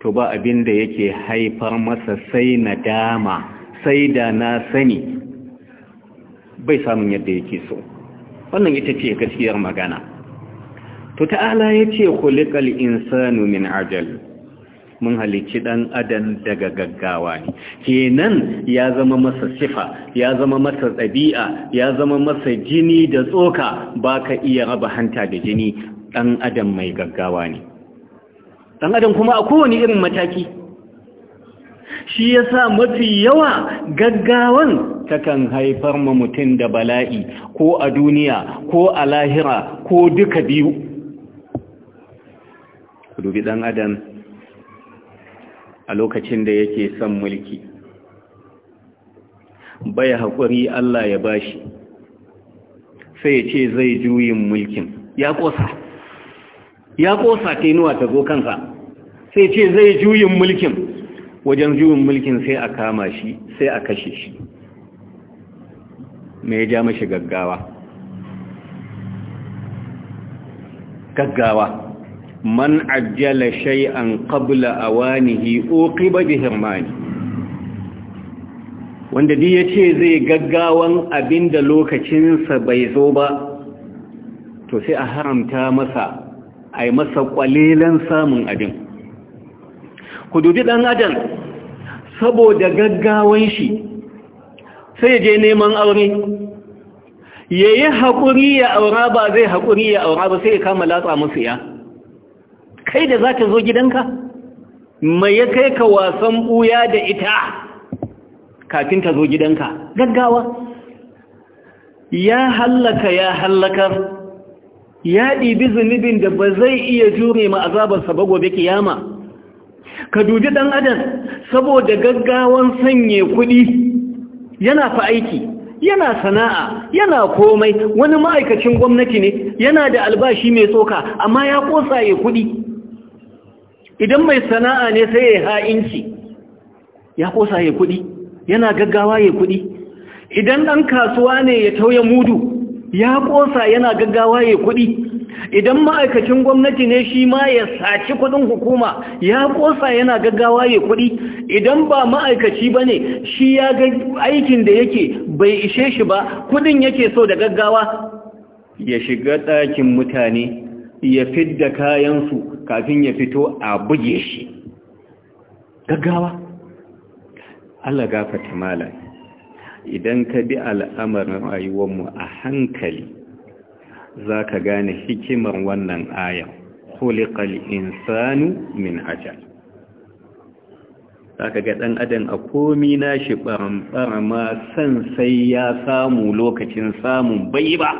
to ba abin da yake haifar masa sai nadama sai da na sani bai samun yadda yake so wannan ita ce gaskiyar magana to ta'ala ya ce kulikal insanu min ajal mun halicci dan adam daga gaggawa ne kenan ya zama masa sifa ya zama masa ɗabi'a ya zama masa jini da tsoka ba ka iya raba hanta da jini dan adam mai gaggawa ne dan adam kuma a kowane irin mataki shi ya sa mafi yawa gaggawan takan haifar ma mutum da bala'i ko a duniya ko a lahira ko duka biyu ku dubi dan adam a lokacin da yake son mulki bai haƙuri Allah ya bashi sai ya ce zai juyin mulkin ya ƙosa ya ƙosa ta ta zo kansa sai ce zai juyin mulkin wajen juyin mulkin sai a kama shi sai a kashe shi me ya ja mashi gaggawa gaggawa man ajjala shay'an qabla awanihi uqiba bi hirmani wanda dai yace zai gaggawan abinda lokacinsa bai zo ba to sai a haramta masa ai masa kwalelan samun abin ku dubi ɗan adam saboda gaggawan shi sai je neman aure ya yi haƙuri ya aura ba zai haƙuri ya aura ba sai ya kama latsa musu ya kai da za ta zo gidanka mai ya kai ka wasan ɓuya da ita kafin ta zo gidanka gaggawa ya hallaka ya hallakar ya ɗibi zunubin da ba zai iya jure ma azabarsa ba gobe kiyama ka dubi ɗan adam saboda gaggawan sanye kuɗi yana fa aiki yana sana'a yana komai wani ma'aikacin gwamnati ne yana da albashi mai tsoka amma ya ƙosa ya kuɗi idan mai sana'a ne sai ya ha'inci ya ƙosa ya kuɗi yana gaggawa ya kuɗi idan ɗan kasuwa ne ya tauye mudu ya ƙosa yana gaggawa ya kuɗi idan ma'aikacin gwamnati ne shi ma ya saci kudin hukuma ya kosa yana gaggawa ya kudi idan ba ma'aikaci ba ne shi ya ga aikin da yake bai ishe shi ba kudin yake so da gaggawa ya shiga ɗakin mutane ya fidda kayansu kafin ya fito a buge shi gaggawa Allah gafata malam idan ka bi al'amarin rayuwarmu a hankali za ka gane hikimar wannan ayan kulikal insanu min ajal za ka ga ɗan adam a komi na shi ma san sai ya samu lokacin samun bai ba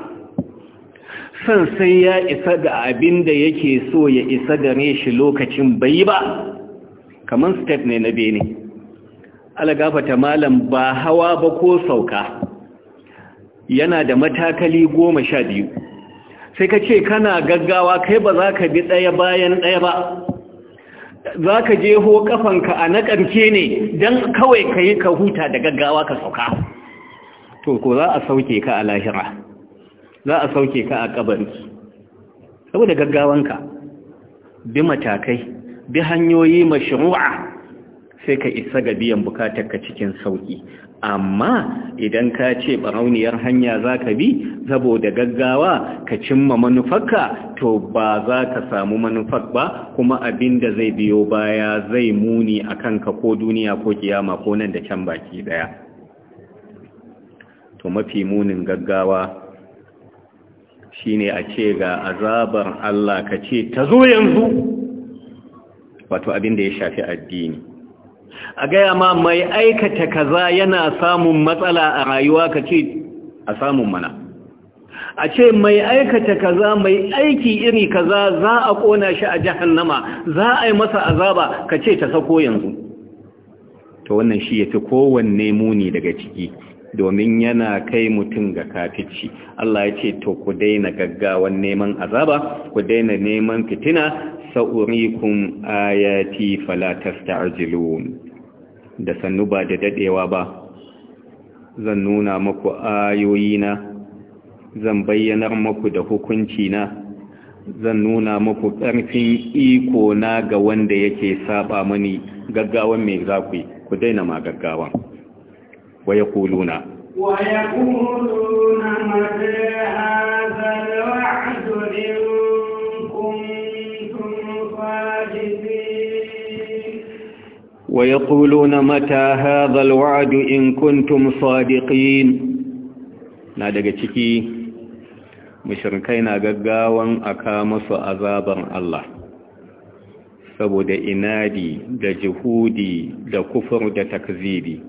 san sai ya isa ga abin da yake so ya isa gare shi lokacin bai ba kamar step ne na bene algafata malam ba hawa ba ko sauka yana da matakali goma sha biyu sai ka ce kana gaggawa kai ba za ka bi ɗaya bayan ɗaya ba za ka je ho ƙafanka a naƙarke ne don kawai ka yi ka huta da gaggawa ka sauka to ko za a sauke ka a lahira za a sauke ka a ƙabari saboda gaggawanka bi matakai bi hanyoyi mashru'a sai ka isa ga biyan bukatar ka cikin sauƙi. amma idan ka ce barauniyar hanya za ka bi saboda gaggawa ka cimma manufarka to ba za ka samu manufar ba kuma abin da zai biyo baya zai muni a kanka ko duniya ko kiyama ko nan da can baki daya to mafi munin gaggawa shine a ce ga azabar Allah ka ce ta zo yanzu wato abin da ya shafi addini a gaya ma mai aikata kaza yana samun matsala a rayuwa ka ce a samun mana a ce mai aikata kaza mai aiki iri kaza za a kona shi a jahannama za a yi masa azaba ka ce ta sako yanzu to wannan shi ya fi kowanne muni daga ciki domin yana kai mutum ga kafici Allah ya ce to ku daina gaggawan neman azaba ku daina neman fitina sa'urikum ayati fala tasta'jilun da sannu ba da dadewa ba zan nuna muku ayoyina zan bayyanar muku da hukunci na zan nuna muku ƙarfin iko na ga wanda yake saba mani gaggawan me za ku yi ku daina ma gaggawan ويقولون ويقولون متى هذا mata إن كنتم صادقين ويقولون متى هذا الوعد إن كنتم صادقين نادق wad مشركين kuntum أكامس na daga ciki mushrikai na gaggawan Allah saboda inadi da jihudi, da kufur da takzibi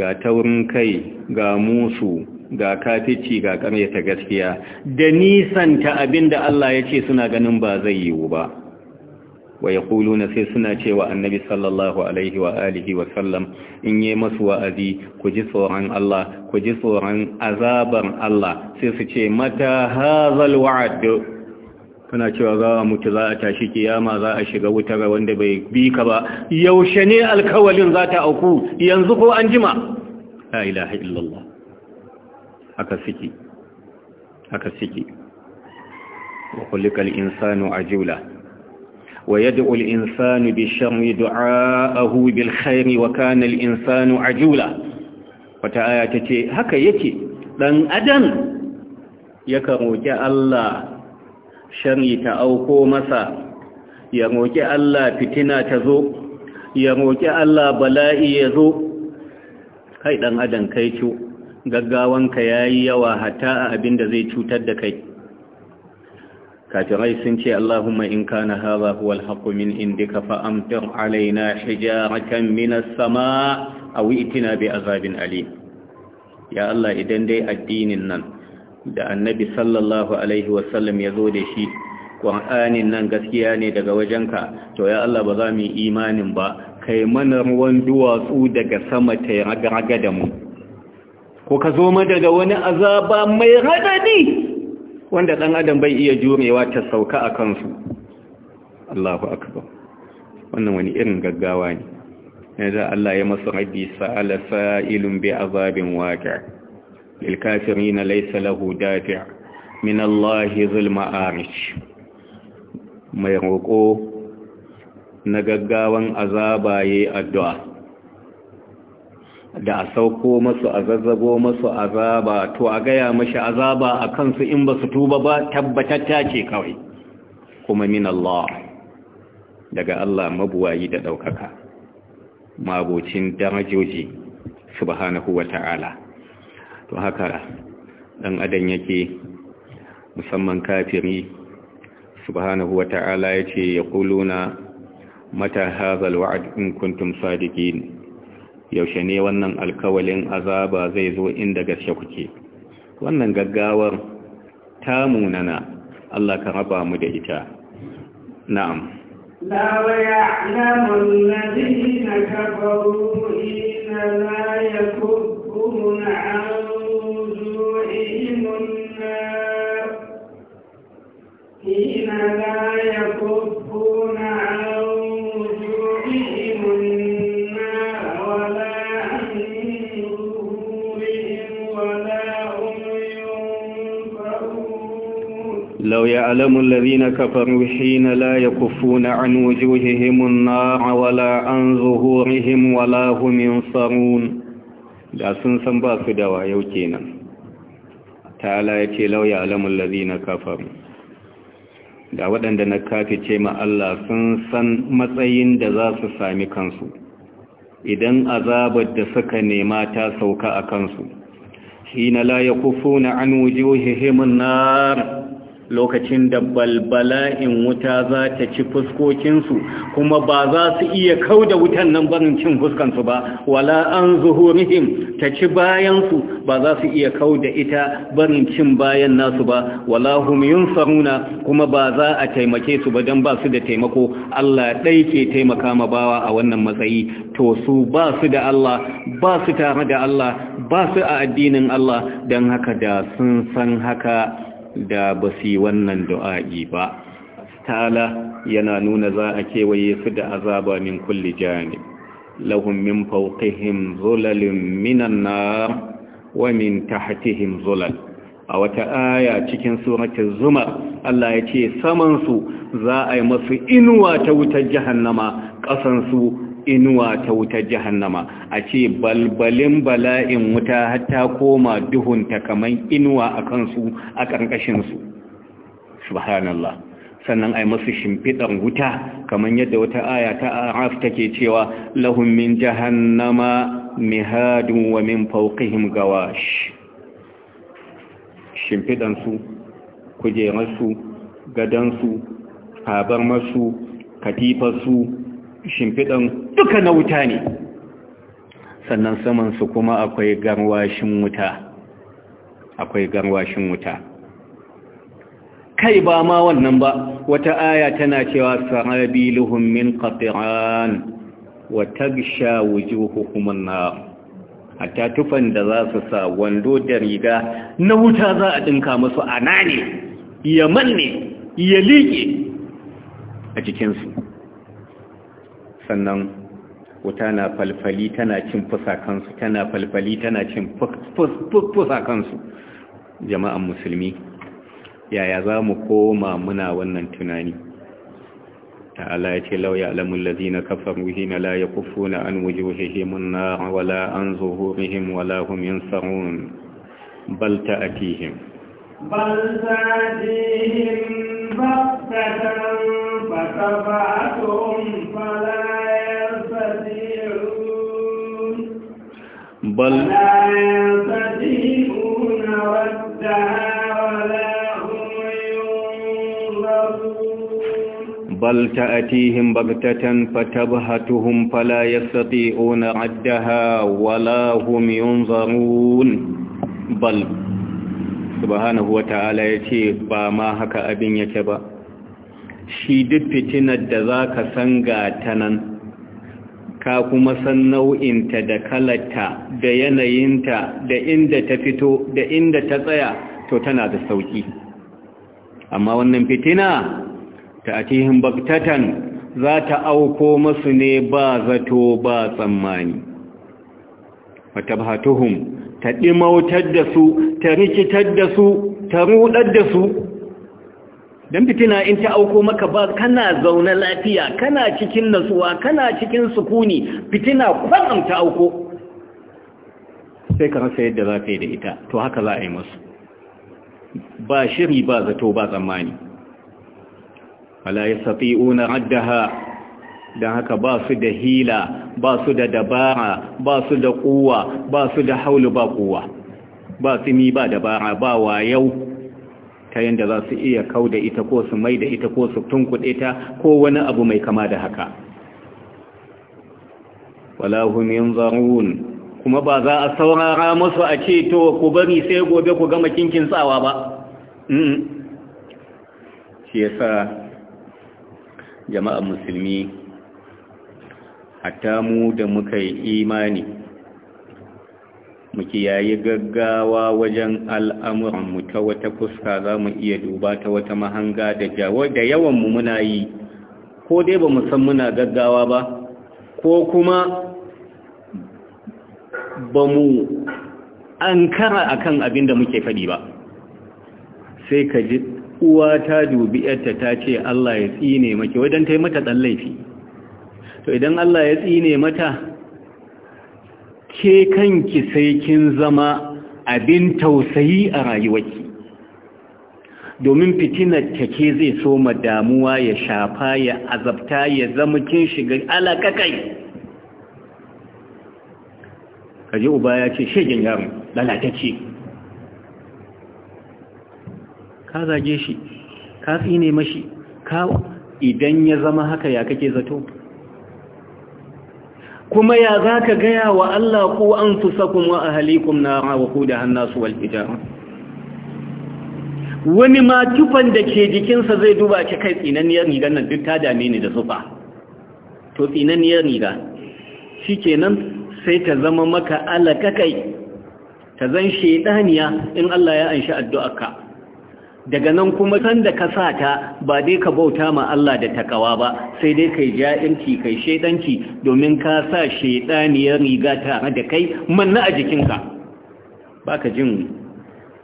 ga taurin kai ga musu ga kafici ga ƙaryata gaskiya da nisanta abinda Allah ya ce suna ganin ba zai yiwu ba wa ya na sai suna cewa annabi sallallahu alaihi wa alihi wa sallam in yi masu wa'azi ku ji tsoron Allah ku ji tsoron azabar Allah sai su ce mata hazal wa'ad kana cewa za a mutu za a tashi kiyama za a shiga wutar wanda bai bi ka ba yaushe ne alkawalin za ta auku yanzu ko an jima la ilaha illallah haka suke haka suke wa insanu ajula wa yad'u al insanu bi sharri du'aahu bil khairi wa kana al insanu ajula wata aya tace haka yake dan adam ya roki Allah shari ta auko masa ya roƙi Allah fitina ta zo ya roƙi Allah bala'i ya zo kai ɗan adam kai ciwo gaggawanka ya yi yawa hatta a abin zai cutar da kai kafirai sun ce Allahumma in kana hadha huwa al-haqqu min indika fa amtir alaina hijaratan min as-samaa aw itina bi azabin alim ya Allah idan dai addinin nan da annabi sallallahu alaihi wasallam ya zo da shi ƙwa'anin nan gaskiya ne daga wajenka to ya Allah ba za mu yi imanin ba kai mana ruwan duwatsu daga sama ta yi raga da mu ko ka zo ma daga wani azaba mai raɗaɗi wanda ɗan adam bai iya jurewa ta sauka a kansu Allahu akbar wannan wani irin gaggawa ne yanzu Allah ya masu rabbi sa'ala sa'ilun bi azabin waƙi للكافرين ليس له دافع من الله ذو المآرج mai roƙo na gaggawan azaba addu'a da a sauko masu a zazzago masu azaba to a gaya mashi azaba a kansu in ba su tuba ba tabbatatta ce kawai kuma min Allah daga Allah mabuwayi da ɗaukaka magocin damajoji subhanahu wa ta'ala to haka dan adam yake musamman kafiri subhanahu wa ta'ala yace yaquluna mata hadha alwa'd in kuntum sadiqin yaushe ne wannan alkawalin azaba zai zo inda gaske kuke wannan gaggawar ta munana Allah ka raba mu da ita na'am wa ya'lamu alladhina kafaru inna la yakunu an لو يعلم الذين كفروا حين لا يكفون عن وجوههم النار ولا عن ظهورهم ولا هم ينصرون لا سنسن san ba تعالى da لو يعلم الذين كفروا da waɗanda na kafice ma Allah sun san matsayin da za su sami kansu idan azabar da suka nema ta sauka a kansu shi na la ya kufu na an wujuhihimun na lokacin da balbala'in wuta za ta ci fuskokinsu kuma ba za su iya kau da wutan nan barin cin fuskansu ba wala an zuhurihim ta ci bayansu ba za su iya kau da ita barin cin bayan nasu ba wala hum yunsaruna kuma ba za a taimake su ba don ba su da taimako Allah ɗai ke taimaka ma bawa a wannan matsayi to su ba su da Allah ba su tare da Allah ba su a addinin Allah don haka da sun san haka da ba su yi wannan du'a'i ba As-tala yana nuna za a kewaye su da azaba min kulli janib lahum min fawqihim zulalun minan na wa min tahtihim zulal a wata aya cikin suratul zumar Allah ya ce saman su za a yi masu inuwa ta wutar jahannama ƙasansu. inuwa ta wutar jahannama a ce balbalin bala'in wuta hatta koma duhunta kamar inuwa a kansu a ƙarƙashinsu subhanallah sannan ai masu shimfiɗar wuta kamar yadda wata aya ta araf take cewa lahum min jahannama mihadun wa min fawqihim gawash shimfiɗansu kujerarsu gadansu tabarmarsu katifarsu shimfiɗan duka na wuta ne sannan samansu kuma akwai garwashin wuta akwai garwashin wuta kai ba ma wannan ba wata aya tana cewa sarabiluhum min qatiran wa tagsha wujuhuhum an hatta tufan da za su sa wando da riga na wuta za a dinka musu anane yaman ne ya liƙe a cikinsu sannan wuta na falfali tana cin fusakansu tana falfali tana cin fusakansu jama'an musulmi yaya za mu koma muna wannan tunani ta'ala ya ce lauya alamun lazina kafaru hina la ya na an wujuhihim na wala an zuhurihim wala hum balta bal ta'atihim بل تأتيهم بغتة فتبعتهم فلا يستطيعون بل لا يستطيعون ردها ولا هم ينظرون بل تأتيهم بغتة فتبهتهم فلا يستطيعون ردها ولا هم ينظرون بل subhanahu wa ta'ala ya ce ba ma haka abin yake ba shi duk fitinar da za ka san ta nan ka kuma san nau'inta da kalarta da yanayinta da inda ta fito da inda ta tsaya to tana da sauki amma wannan fitina ta atihin baktatan za ta auko masu ne ba zato ba tsammani wata tuhum ta ɗimautar da su ta rikitar da su ta rudar da su don fitina in ta auko maka ba kana zaune lafiya kana cikin nasuwa kana cikin sukuni fitina kwanan ta auko sai ka rasa yadda za ka yi da ita to haka za a yi masu ba shiri ba zato ba tsammani wala ya safi'una raddaha don haka ba su da hila ba su da dabara ba su da kuwa ba su da haulu ba kuwa ba su ni ba dabara ba wa yau, ta yadda za su iya kau da ita ko su mai da ita ko su tunkuɗe ta ko wani abu mai kama da haka walahum yanzarun kuma ba za a saurara musu a ce to ku bari sai gobe ku gama kinkin tsawa ba shi yasa jama'a musulmi hatta mu da muka yi imani mu yayi gaggawa wajen al'amuranmu ta wata fuska za mu iya duba ta wata mahanga da jawo da mu muna yi ko dai ba mu san muna gaggawa ba ko kuma ba mu an kara akan abin da muke faɗi ba sai ka ji uwa ta dubi yarta ta ce Allah ya tsine maki wajen ta yi mata ɗan laifi to idan Allah ya tsine mata ke kanki sai kin zama abin tausayi a rayuwarki domin fitinar take zai so ma damuwa ya shafa ya azabta ya zama kin shiga alakakai kaji uba ya ce shegin yaro lalatacce ka zage shi ka tsine mashi ka idan ya zama haka ya kake zato kuma ya za ka gaya wa Allah ko an fusakun wa ahalikum na rawa ku da hannasu wal wani ma tufan da ke jikinsa zai duba ki kai tsinaniyar riga nan duk ta dame ni da zufa to tsinaniyar riga shi kenan sai ta zama maka alaƙaƙai ta zan shaidaniya in Allah ya anshi addu'arka daga nan kuma san da ka sa ta ba dai ka bauta ma Allah da takawa ba sai dai kai ja'inci kai shaidanci domin ka sa ya riga tare da kai manna a jikinka ka jin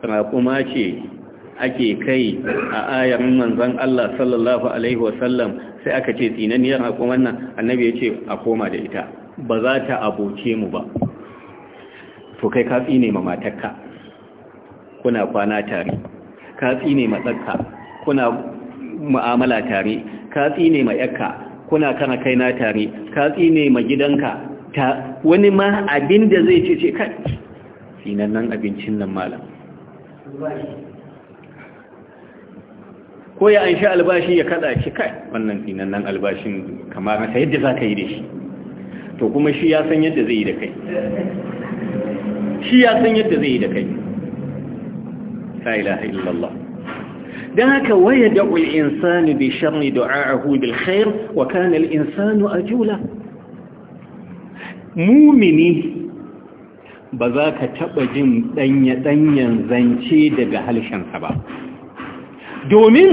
raƙuma ce ake kai a ayar manzon Allah sallallahu alaihi wasallam sai aka ce tsinaniyar raƙuman nan annabi ya ce a koma da ita ba za ta aboce mu ba to kai ka tsine ma matarka kuna kwana tare ka tsine matsakka kuna mu'amala tare ka tsine ma yakka kuna kana kaina tare ka tsine ma gidanka ta wani ma abin da zai ce ce kai nan abincin nan malam ko ya an sha albashi ya kada shi kai wannan nan albashin kamar masa yadda za ka yi da shi to kuma shi ya san yadda zai yi da kai shi ya san yadda zai yi da kai la ilaha illallah dan haka waya da'ul insani bi sharri du'a'ahu bil khair wa kana al insanu ajula mumini ba za ka taɓa jin ɗanya-ɗanyan zance daga ba domin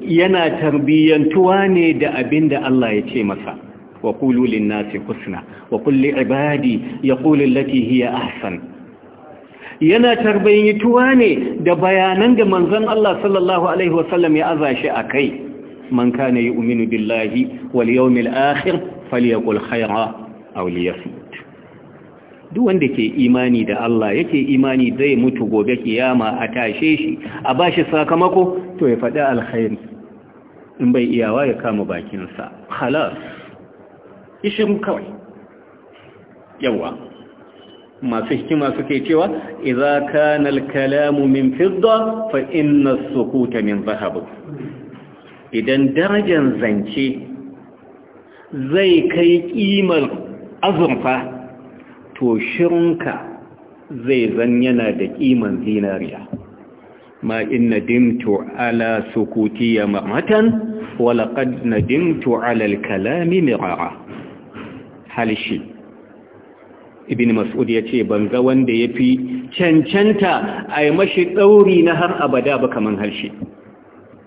yana tarbiyyantuwa ne da abinda Allah ya ce masa wa kululin nasi husna wa kulli ibadi ya kulillati hiya ahsan yana tarbayyituwa ne da bayanan da manzon Allah sallallahu alaihi wasallam ya aza shi kai man kana yu'minu billahi wal yawmil akhir falyaqul khayra aw liyasmut duk wanda ke imani da Allah yake imani zai mutu gobe kiyama a tashe shi a bashi sakamako to ya faɗi alkhairi in bai iyawa ya kama bakinsa halas ishin kawai yawa masu hikima suke cewa idza kana al-kalamu min fidda fa inna as-sukuta min dhahab idan darajar zance zai kai kimar azurfa to shirinka zai zan yana da kiman zinariya ma inna dimtu ala sukuti ya mamatan walaƙad na dimtu ala al-kalami mirara halshi ibn mas'ud ya ce ban ga wanda ya fi cancanta a yi mashi ɗauri na har abada ba kamar harshe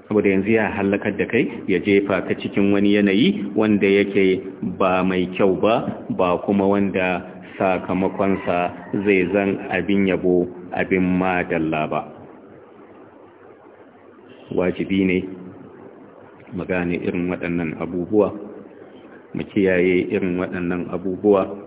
saboda yanzu ya halakar da kai ya jefa ka cikin wani yanayi wanda yake ba mai kyau ba ba kuma wanda sakamakonsa zai zan abin yabo abin madalla ba wajibi ne gane irin waɗannan abubuwa mu kiyaye irin waɗannan abubuwa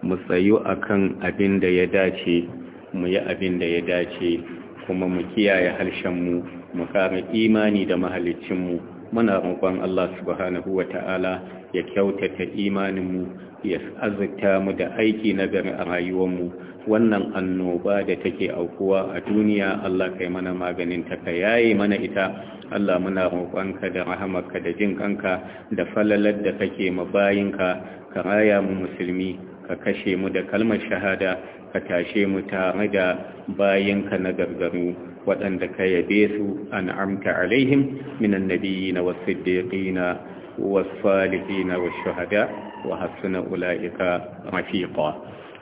mu tsayu a kan abin da ya dace mu yi abin da ya dace kuma mu kiyaye harshenmu mu kama imani da mahalicinmu muna roƙon Allah subhanahu Ta'ala ya kyautata imaninmu ya azurta mu da aiki na gari a rayuwanmu wannan annoba da take aukuwa a duniya Allah kai mana maganin ta ka yayi mana ita Allah muna roƙonka da rahamarka da jin kanka da falalar da kake mabayinka ka raya mu musulmi ka kashe mu da kalmar shahada ka tashe mu tare da bayanka na gargaru waɗanda ka yabe su an amta alaihim minan wasu was-siddiqina was-salihina wash shahada wa hasuna ulaika rafiqa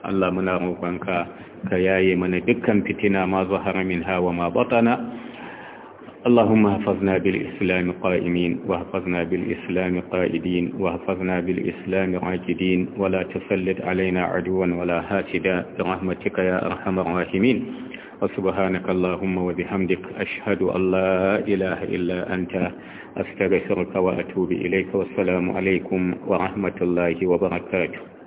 Allah muna roƙonka ka yaye mana dukkan fitina ma zuwa haramin hawa ma batana اللهم احفظنا بالإسلام قائمين واحفظنا بالإسلام قائدين واحفظنا بالإسلام عاجدين ولا تسلط علينا عدوا ولا هاتدا برحمتك يا أرحم الراحمين وسبحانك اللهم وبحمدك أشهد أن لا إله إلا أنت أستغفرك وأتوب إليك والسلام عليكم ورحمة الله وبركاته